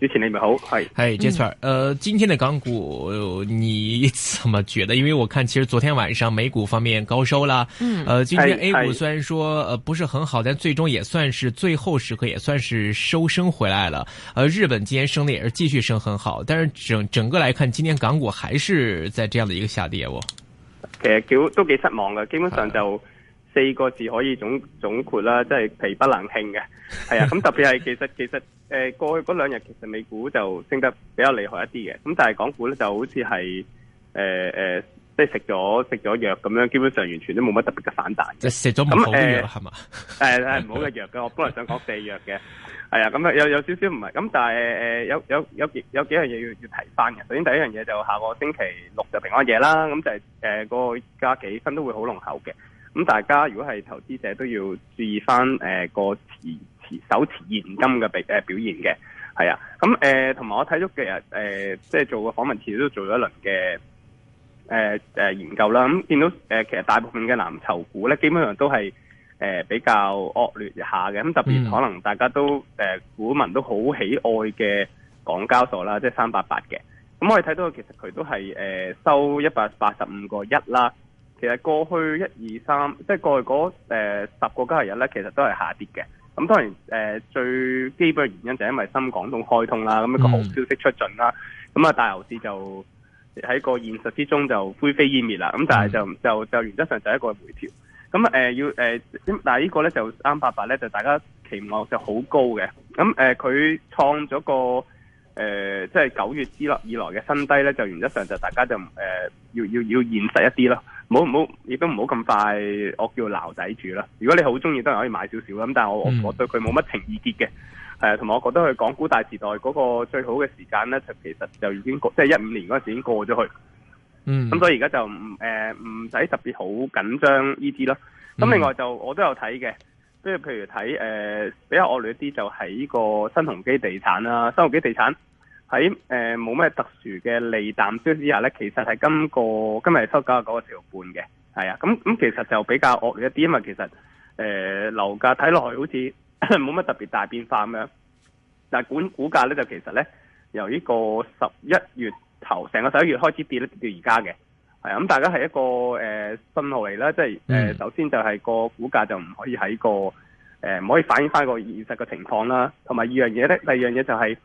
主持你們好係，誒 Jasper 誒今天的港股你怎麼覺得？因為我看其實昨天晚上美股方面高收啦，嗯，呃今天 A 股雖然說呃不是很好，嗯，但最終也算是最後時刻，也算是收升回來了。誒、呃、日本今天升的也是繼續升很好，但是整整個來看，今天港股還是在這樣的一個下跌哦。其實幾都幾失望的，基本上就四個字可以總總括啦，即係疲不能興嘅。係啊，咁、嗯、特別係其實其實。 誒，過去嗰兩日其實美股就升得比較厲害一啲嘅，咁但係港股咧就好似係誒誒，即係食咗食咗藥咁樣，基本上完全都冇乜特別嘅反彈，即係食咗唔好嘅藥係嘛？誒誒，唔、呃 哎、好嘅藥嘅，我本來想講對藥嘅，係 啊，咁、嗯、啊有有少少唔係，咁但係誒有有有幾有幾樣嘢要要提翻嘅。首先第一樣嘢就下個星期六就平安夜啦，咁就誒個假期氣氛都會好濃厚嘅。咁大家如果係投資者都要注意翻誒個市。呃手持現金嘅表誒表現嘅，係啊，咁誒同埋我睇咗幾日，誒即係做個訪問次都做咗一輪嘅誒誒研究啦，咁見到誒其實大部分嘅藍籌股咧，基本上都係誒、呃、比較惡劣下嘅，咁特別可能大家都誒股民都好喜愛嘅港交所啦，即係三八八嘅，咁、嗯嗯、我哋睇到其實佢都係誒、呃、收一百八十五個一啦，其實過去一二三，即係過去嗰十個交易日咧，其實都係下跌嘅。咁當然，誒、呃、最基本嘅原因就係因為深港通開通啦，咁、那、一個好消息出盡啦，咁、嗯、啊大牛市就喺個現實之中就灰飛煙滅啦，咁、嗯、但係就就就原則上就係一個回調，咁誒、呃、要誒、呃，但係呢個咧就三八八咧就大家期望就好高嘅，咁誒佢創咗個誒即係九月之落以來嘅新低咧，就原則上就大家就誒、呃、要要要現實一啲咯。冇唔好，亦都唔好咁快，我叫鬧仔住啦。如果你好中意，都係可以買少少咁，但係我我對佢冇乜情意結嘅，同、嗯、埋我覺得佢港股大時代嗰個最好嘅時間咧，就其實就已經即係一五年嗰陣時已經過咗去。嗯。咁所以而家就唔誒唔使特別好緊張呢啲咯。咁另外就我都有睇嘅，即係譬如睇誒、呃、比較惡劣啲就係呢個新鴻基地產啦，新鴻基地產。喺誒冇咩特殊嘅利淡消息之下咧，其實係今個今日收九嗰九個四毫半嘅，係啊，咁、嗯、咁其實就比較惡劣一啲，因為其實誒、呃、樓價睇落去好似冇乜特別大變化咁樣，但係股股價咧就其實咧由呢個十一月頭，成個十一月開始跌咧跌到而家嘅，係啊，咁大家係一個誒信、呃、號嚟啦，即、就、係、是嗯、首先就係個股價就唔可以喺個誒唔、呃、可以反映翻個現實嘅情況啦，同埋二樣嘢咧，第二樣嘢就係、是。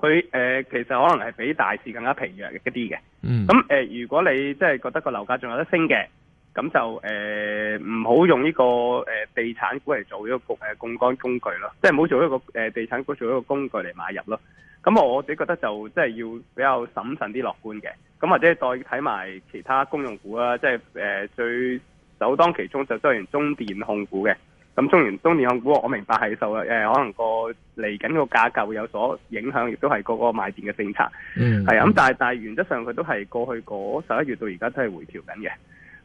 佢誒、呃、其實可能係比大市更加平弱一啲嘅，咁、嗯、誒、啊、如果你即係覺得個樓價仲有得升嘅，咁就誒唔好用呢個誒地產股嚟做一個誒槓桿工具咯，即係唔好做一個誒地產股做一個工具嚟買入咯。咁我自己覺得就即係要比較審慎啲樂觀嘅，咁或者再睇埋其他公用股啦，即係誒最首當其衝就雖然中電控股嘅。咁中原中電控股，我明白係受可能、嗰個嚟緊個價格會有所影響，亦都係個個賣電嘅政策，係、嗯、啊。咁、嗯、但係但係原則上佢都係過去嗰十一月到而家都係回調緊嘅，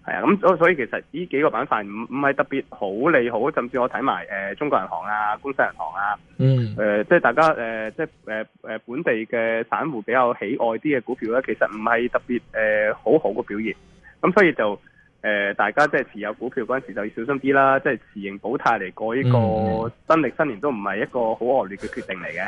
啊。咁所所以其實呢幾個板塊唔唔係特別好利好，甚至我睇埋、呃、中國銀行啊、工商銀行啊，誒、嗯呃、即係大家誒、呃、即係誒、呃、本地嘅散戶比較喜愛啲嘅股票咧，其實唔係特別誒、呃、好好嘅表現，咁所以就。呃，大家即係持有股票嗰陣時就要小心啲啦，即係持盈保泰嚟過呢個新歷新年都唔係一個好惡劣嘅決定嚟嘅。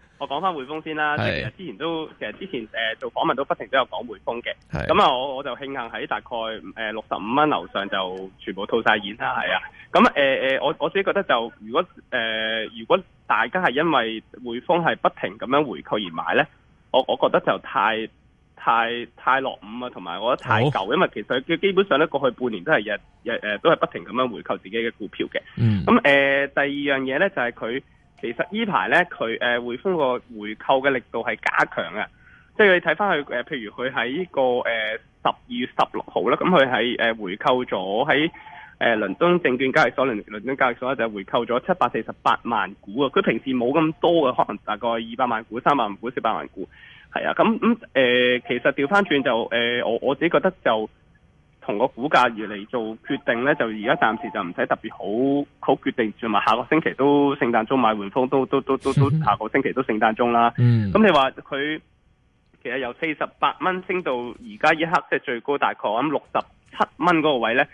我講翻匯豐先啦，其實之前都其實之前誒做訪問都不停都有講匯豐嘅，咁啊我我就慶幸喺大概誒六十五蚊樓上就全部套晒現啦，係啊，咁誒誒我我自己覺得就如果誒、呃、如果大家係因為匯豐係不停咁樣回購而買咧，我我覺得就太太太落伍啊，同埋我覺得太舊，因為其實佢基本上咧過去半年都係日日誒都係不停咁樣回購自己嘅股票嘅，咁、嗯、誒、呃、第二樣嘢咧就係、是、佢。其實呢排呢，佢誒、呃、匯豐個回購嘅力度係加強嘅，即係你睇翻佢誒，譬如佢喺呢個誒十二月十六號啦，咁佢喺誒回購咗喺誒倫敦證券交易所、倫倫敦交易所就回購咗七百四十八萬股啊！佢平時冇咁多嘅，可能大概二百萬股、三百萬股、四百萬股，係啊，咁咁誒，其實調翻轉就誒、呃，我我自己覺得就。同個股價而嚟做決定咧，就而家暫時就唔使特別好好決定，住埋下個星期都聖誕鐘買匯豐都都都都都下個星期都聖誕鐘啦。咁、嗯、你話佢其實由四十八蚊升到而家一刻即係、就是、最高大概咁六十七蚊嗰個位咧，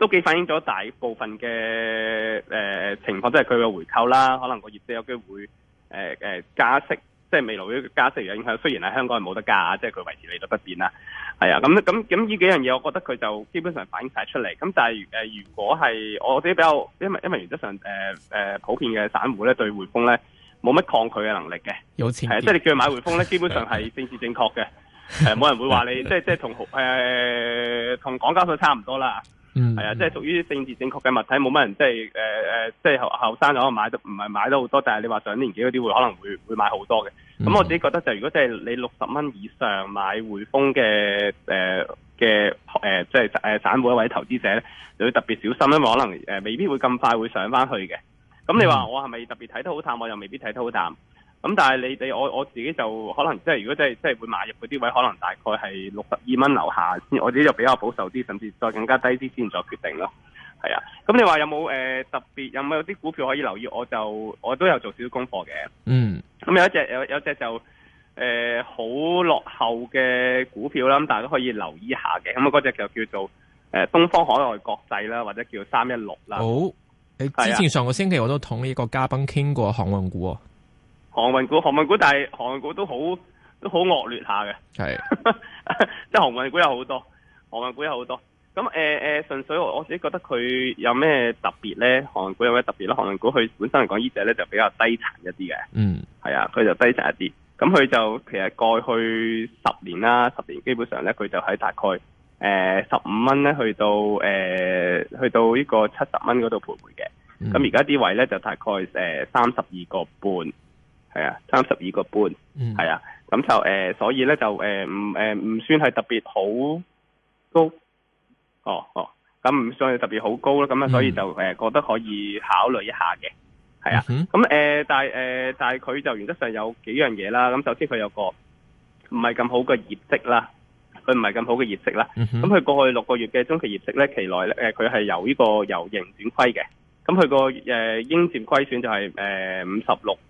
都幾反映咗大部分嘅誒、呃、情況，即係佢嘅回購啦，可能個業績有機會誒誒、呃呃、加息。即係未來啲加息嘅影響，雖然係香港係冇得加啊，即係佢維持利率不變啦。係啊，咁咁咁呢幾樣嘢，我覺得佢就基本上反映晒出嚟。咁但係誒，如果係我自己比較，因為因為原則上誒誒、呃呃、普遍嘅散戶咧，對匯豐咧冇乜抗拒嘅能力嘅，有錢係啊，即係你叫佢買匯豐咧，基本上係政治正確嘅，誒 冇、呃、人會話你，即係即係同誒同港交所差唔多啦。嗯，係 啊，即係屬於政治正確嘅物體，冇乜人即係誒誒，即係後後生可能買得唔係買得好多，但係你話上年紀嗰啲會可能會會買好多嘅。咁我自己覺得就如果即係你六十蚊以上買匯豐嘅誒嘅誒，即係誒散戶或者投資者，你要特別小心，因為咧，可能誒未必會咁快會上翻去嘅。咁你話我係咪特別睇得好淡，我又未必睇得好淡。咁、嗯、但係你哋，我我自己就可能即係，如果即係即係會買入嗰啲位，可能大概係六十二蚊樓下。我自己就比較保守啲，甚至再更加低啲先再決定咯。係啊，咁、嗯、你話有冇誒、呃、特別有冇啲股票可以留意？我就我都有做少少功課嘅。嗯、咁、嗯、有一隻有有隻就誒好、呃、落後嘅股票啦，咁大家可以留意一下嘅。咁、嗯、啊，嗰隻就叫做誒、呃、東方海外國際啦，或者叫三一六啦。好，你之前上個星期我都同呢個嘉賓傾過航運股。航運股，航運股，但係航運股都好都好惡劣下嘅，係，即係航運股有好多，航運股有好多。咁誒誒，純、呃呃、粹我，我自己覺得佢有咩特別咧？航運股有咩特別咧？航運股佢本身嚟講，呢隻咧就比較低殘一啲嘅，嗯，係啊，佢就低殘一啲。咁佢就其實過去十年啦，十年基本上咧，佢就喺大概誒十五蚊咧，去到誒、呃、去到這個、嗯、呢個七十蚊嗰度徘徊嘅。咁而家啲位咧就大概誒三十二個半。呃係啊，三十二個半，係啊，咁就誒、呃，所以咧就誒，唔誒唔算係特別好高，哦哦，咁唔算係特別好高啦，咁啊，所以就誒、呃、覺得可以考慮一下嘅，係啊，咁誒、呃，但係、呃、但係佢就原則上有幾樣嘢啦。咁首先佢有個唔係咁好嘅業績啦，佢唔係咁好嘅業績啦。咁、嗯、佢過去六個月嘅中期業績咧，期內咧佢係由呢個由盈轉虧嘅，咁佢個誒應佔虧損就係誒五十六呃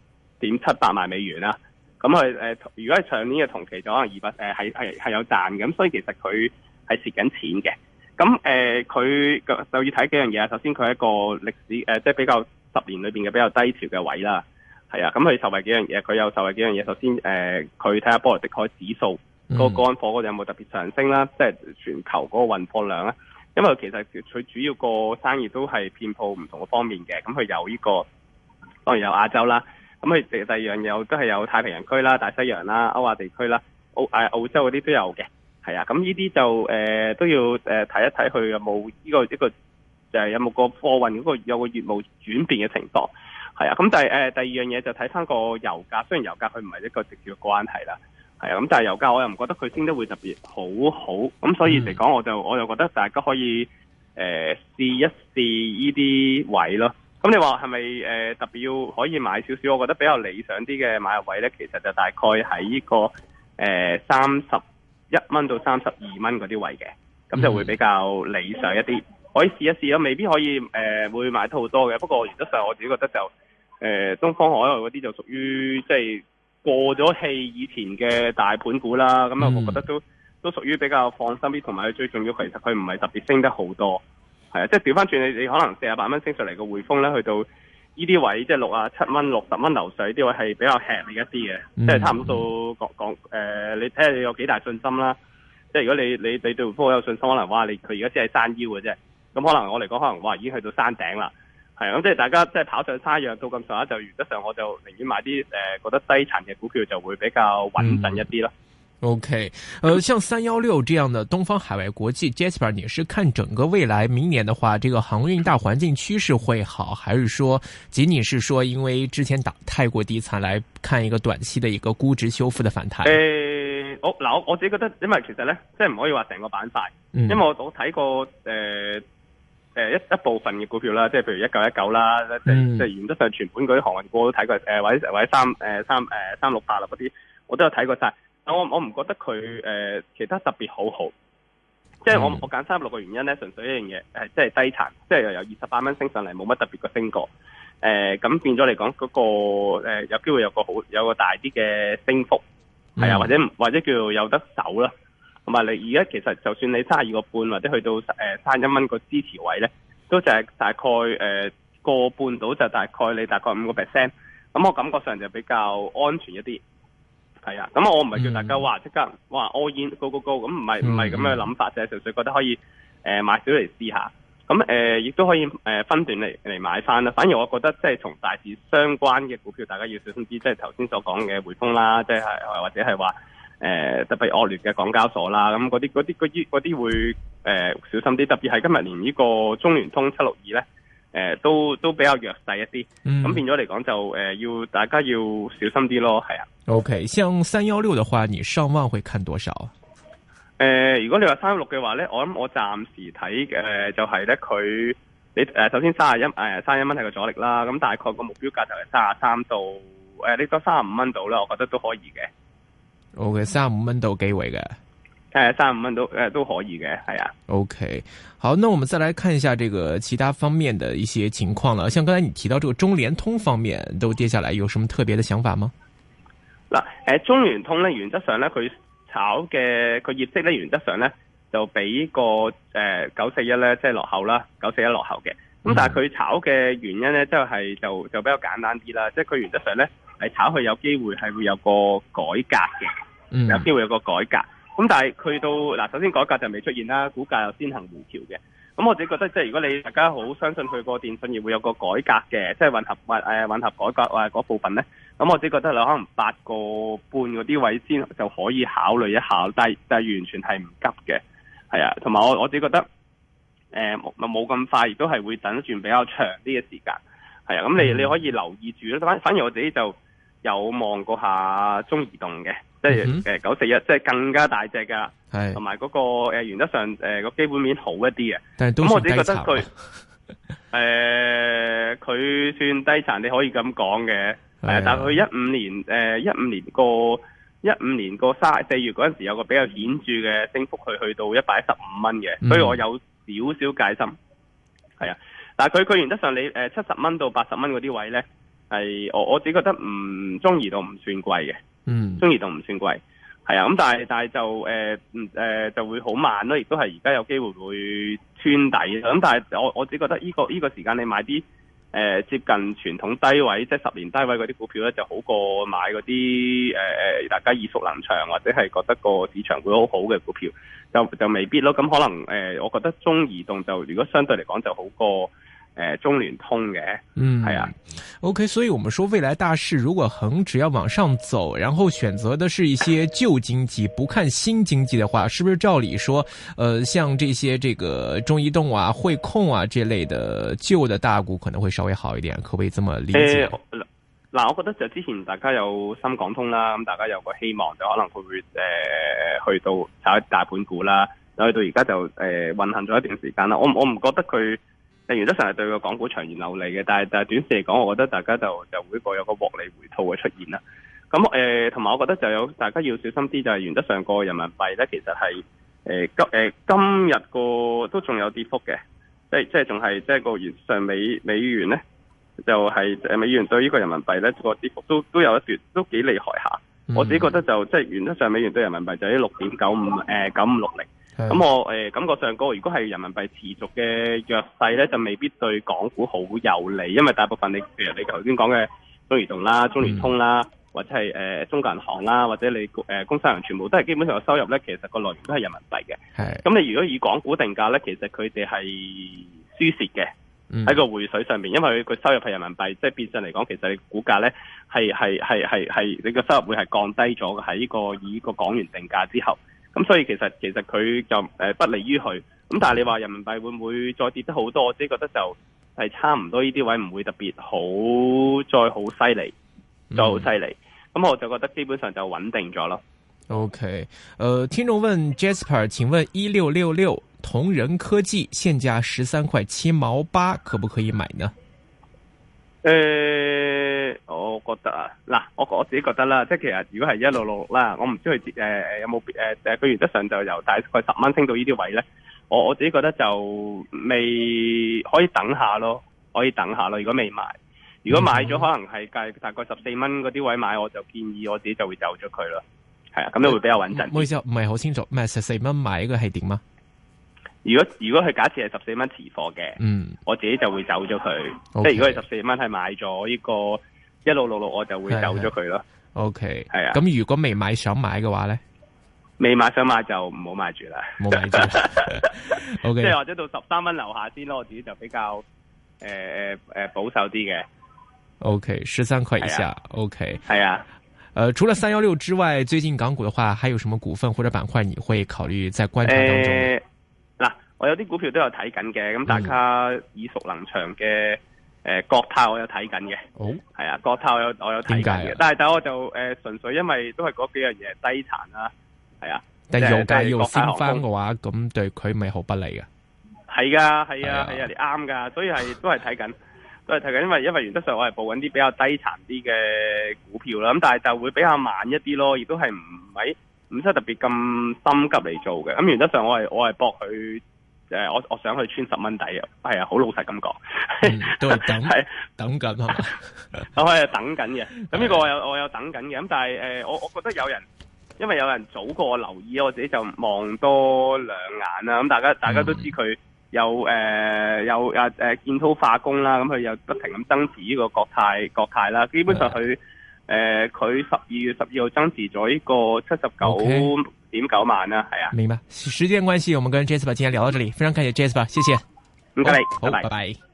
點七百萬美元啦，咁佢誒如果係上年嘅同期就可能二百誒係係係有賺咁，所以其實佢係蝕緊錢嘅。咁誒佢就要睇幾樣嘢啊。首先佢係一個歷史誒，即、呃、係、就是、比較十年裏邊嘅比較低潮嘅位啦，係啊。咁佢受惠幾樣嘢，佢有受惠幾樣嘢。首先誒，佢睇下波羅的海指數個乾、嗯、貨嗰度有冇特別上升啦，即、就、係、是、全球嗰個運貨量啦。因為佢其實佢主要個生意都係遍佈唔同嘅方面嘅，咁佢有呢、這個當然有亞洲啦。咁誒第二樣嘢，都係有太平洋區啦、大西洋啦、歐亞地區啦、澳誒澳洲嗰啲都有嘅，係啊。咁呢啲就誒、呃、都要誒睇、呃、一睇佢有冇呢、呢個一、呢個誒、就係、有冇個貨運嗰、嗰個、有個業務轉變嘅情況，係啊。咁第誒第二樣嘢就睇返個油價，雖然油價佢唔係一個直接嘅關係啦，係啊。咁但係油價我又唔覺得佢升得會特別好好，咁、嗯、所以嚟講，我就我就覺得大家可以誒、呃、試一試呢啲位咯。咁你話係咪誒特別要可以買少少？我覺得比較理想啲嘅買入位呢，其實就大概喺呢個誒三十一蚊到三十二蚊嗰啲位嘅，咁就會比較理想一啲、嗯。可以試一試咯，未必可以誒、呃、會買得好多嘅。不過原則上我自己覺得就誒、呃、東方海外嗰啲就屬於即係、就是、過咗氣以前嘅大盤股啦。咁啊，我覺得都、嗯、都屬於比較放心啲，同埋最重要其實佢唔係特別升得好多。係啊，即係調翻轉你，你可能四十八蚊升上嚟嘅匯豐咧，去到呢啲位，即係六十七蚊、六十蚊流水啲位係比較吃力一啲嘅，即、嗯、係、就是、差唔多講講誒，你睇下你有幾大信心啦。即係如果你你你對匯豐有信心，可能哇你佢而家只係山腰嘅啫，咁可能我嚟講可能哇已經去到山頂啦。係啊，咁即係大家即係跑上山一樣，到咁上下就原則上我就寧願買啲誒、呃、覺得低殘嘅股票就會比較穩陣一啲咯。嗯嗯。O.K.，呃像三幺六這樣的東方海外國際，Jasper，你是看整個未來明年的話，這個航運大環境趨勢會好，還是說僅僅是說因為之前打太過低殘來看一個短期的一個估值修復的反彈？誒、呃，我嗱，我自己覺得，因為其實咧，即係唔可以話成個板塊、嗯，因為我我睇過誒誒、呃呃、一一部分嘅股票啦，即係譬如一九一九啦，即、嗯、即係原則上全盤嗰啲航運股都睇過，誒、呃、或者或者三誒、呃、三誒三六八啦嗰啲，我都有睇過晒。我我唔覺得佢誒、呃、其他特別好好，即係我我揀三十六個原因咧，純粹一樣嘢即係低殘，即係由二十八蚊升上嚟冇乜特別嘅升過誒，咁、呃、變咗嚟講嗰個、呃、有機會有個好有個大啲嘅升幅，係、嗯、啊，或者或者叫有得走啦，同埋你而家其實就算你三十二個半或者去到三一蚊個支持位咧，都就係大概誒個、呃、半度就大概你大概五個 percent，咁我感覺上就比較安全一啲。係啊，咁我唔係叫大家話即刻話 all in go go go，咁唔係唔係咁嘅諗法，就係純粹覺得可以誒、呃、買少嚟試下，咁誒亦都可以誒、呃、分段嚟嚟買翻啦。反而我覺得即係從大市相關嘅股票，大家要小心啲，即係頭先所講嘅匯豐啦，即係或者係話誒特別惡劣嘅港交所啦，咁嗰啲嗰啲嗰啲嗰啲會誒、呃、小心啲，特別係今日連呢個中聯通七六二咧。誒、呃，都都比較弱勢一啲，咁、嗯、變咗嚟講就誒，要、呃、大家要小心啲咯。係啊，O、okay, K，像三幺六嘅話，你上望會看多少誒、呃，如果你話三幺六嘅話咧，我諗我暫時睇嘅就係咧佢你誒、呃，首先三十一誒，三十一蚊係個阻力啦。咁、嗯、大概個目標價就係三十三到誒，呢個三十五蚊度啦，我覺得都可以嘅。O K，三十五蚊度機會嘅。誒，三五蚊都誒都可以嘅，係啊。OK，好，那我們再來看一下這個其他方面的一些情況啦。像剛才你提到這個中聯通方面都跌下來，有什麼特別的想法嗎？嗱，誒，中聯通咧，原則上咧佢炒嘅佢業績咧，原則上咧就比個誒九四一咧即係落後啦，九四一落後嘅。咁但係佢炒嘅原因咧，即係就是、就、就比較簡單啲啦。即係佢原則上咧係炒佢有機會係會有個改革嘅，嗯，有機會有個改革。咁、嗯、但係去到嗱，首先改革就未出現啦，股價又先行回調嘅。咁我自己覺得，即係如果你大家好相信佢個電信業會有個改革嘅，即係混合、啊啊、混合改革啊嗰、那個、部分咧，咁我只覺得我自己覺得你可能八個半嗰啲位先就可以考慮一下，但係但係完全係唔急嘅，係啊。同埋我我自己覺得，冇、呃、咁快，亦都係會等轉比較長啲嘅時間，係啊。咁你你可以留意住啦。反反而我自己就有望過下中移動嘅。即係誒九四一，即 係、就是、更加大隻噶，係同埋嗰個誒、呃、原則上誒個、呃、基本面好一啲嘅。但係都算低殘，我只覺得佢，誒 佢、呃、算低殘，你可以咁講嘅。係、啊，但係佢一五年誒一五年個一五年個三四月嗰陣時候有個比較顯著嘅升幅，佢去到一百一十五蚊嘅，所以我有少少戒心。係啊，但係佢佢原則上你誒七十蚊到八十蚊嗰啲位咧，係我我只覺得唔中意到唔算貴嘅。嗯，中移動唔算貴，係啊，咁但係但係就誒，誒、呃呃、就會好慢咯，亦都係而家有機會會穿底咯。咁但係我我只覺得呢、這個呢、這個時間你買啲誒、呃、接近傳統低位，即係十年低位嗰啲股票咧，就好過買嗰啲誒大家耳熟能詳，或者係覺得個市場會好好嘅股票，就就未必咯。咁可能誒、呃，我覺得中移動就如果相對嚟講就好過誒、呃、中聯通嘅，嗯，係啊。OK，所以，我們說未來大市如果恒指要往上走，然後選擇的是一些舊經濟，不看新經濟的話，是不是照理說，呃，像這些這個中移動啊、匯控啊這類的舊的大股可能會稍微好一點？可不可以這麼理解？誒、呃，嗱，我覺得就之前大家有深港通啦，咁大家有個希望就可能佢會誒、呃、去到炒一大盤股啦，去到而家就誒、呃、運行咗一段時間啦，我我唔覺得佢。但原則上係對個港股長遠有利嘅，但係但係短時嚟講，我覺得大家就就會個有個獲利回吐嘅出現啦。咁誒同埋，呃、我覺得就有大家要小心啲，就係原則上，人呢、呃呃上呢就是、個人民幣咧，其實係誒今誒今日個都仲有跌幅嘅，即係即係仲係即係個原上美美元咧，就係誒美元對呢個人民幣咧個跌幅都都有一段都幾厲害嚇。我自己覺得就即係原則上美元對人民幣就喺六點九五誒九五六零。9560。咁我誒、呃、感覺上，嗰個如果係人民幣持續嘅弱勢咧，就未必對港股好有利，因為大部分你譬如你頭先講嘅中移動啦、中聯通啦，嗯、或者係誒、呃、中國銀行啦，或者你誒、呃、工商銀行全部都係基本上嘅收入咧，其實個來源都係人民幣嘅。咁你如果以港股定價咧，其實佢哋係輸蝕嘅喺個匯水上面，因為佢收入係人民幣，即係變相嚟講，其實你股價咧係係係係係你個收入會係降低咗喺呢個以個港元定價之後。咁、嗯、所以其實其實佢就誒不利於佢，咁但係你話人民幣會唔會再跌得好多？我自己覺得就係差唔多呢啲位，唔會特別好再好犀利，再好犀利。咁、嗯、我就覺得基本上就穩定咗咯。OK，誒、呃，聽眾問 Jasper，請問一六六六同仁科技現價十三塊七毛八，可不可以買呢？誒、呃，我覺得啊，嗱，我我自己覺得啦，即係其實如果係一路落落啦，我唔知佢誒誒有冇誒誒，佢原則上就由大概十蚊升到呢啲位咧，我我自己覺得就未可以等下咯，可以等下咯。如果未買，如果買咗，可能係計大概十四蚊嗰啲位買，我就建議我自己就會走咗佢咯。係啊，咁你會比較穩陣。嗯、唔好意思，唔係好清楚咩？十四蚊買嘅係點啊？如果如果佢假設係十四蚊持貨嘅，嗯，我自己就會走咗佢。Okay, 即係如果係十四蚊係買咗呢個一六六六，我就會走咗佢咯。OK，係啊。咁、嗯、如果未買想買嘅話咧，未買想買就唔好買住啦。冇買住了。 OK，即係或者到十三蚊樓下先咯。我自己就比較誒誒誒保守啲嘅。OK，十三塊以下。OK，係啊。誒、okay 呃，除了三幺六之外，最近港股嘅話，還有什麼股份或者板塊，你會考慮在觀察當中？呃我有啲股票都有睇緊嘅，咁大家耳熟能詳嘅，誒、呃國、哦啊、國泰我有睇緊嘅，係啊，國泰我有我有睇緊嘅，但係但係我就誒純、呃、粹因為都係嗰幾樣嘢低殘啦、啊，係啊，但係油價要升翻嘅話，咁對佢咪好不利嘅？係噶，係啊，係啊，啱噶、啊啊啊啊，所以係都係睇緊，都係睇緊，因為因為原則上我係報緊啲比較低殘啲嘅股票啦，咁但係就會比較慢一啲咯，亦都係唔係唔使特別咁心急嚟做嘅，咁原則上我係我係搏佢。誒，我我想去穿十蚊底啊，係啊，好老實咁講、嗯，都係等，係 等緊啊， 我係等緊嘅，咁呢個我有我有等緊嘅，咁但係誒，我我，我覺得有人，因為有人早過我留意，我自己就望多兩眼啦，咁大家大家都知佢有誒、嗯呃、有，有啊誒建滔化工啦，咁佢又不停咁增持呢個國泰國泰啦，基本上佢。誒、呃，佢十二月十二號增持咗一個七十九點九萬啦、啊，係、okay. 啊。明白，時間關係，我們跟 Jasper 今天聊到這裏，非常感謝 Jasper，謝謝，唔該你，好、oh, oh,，拜拜拜。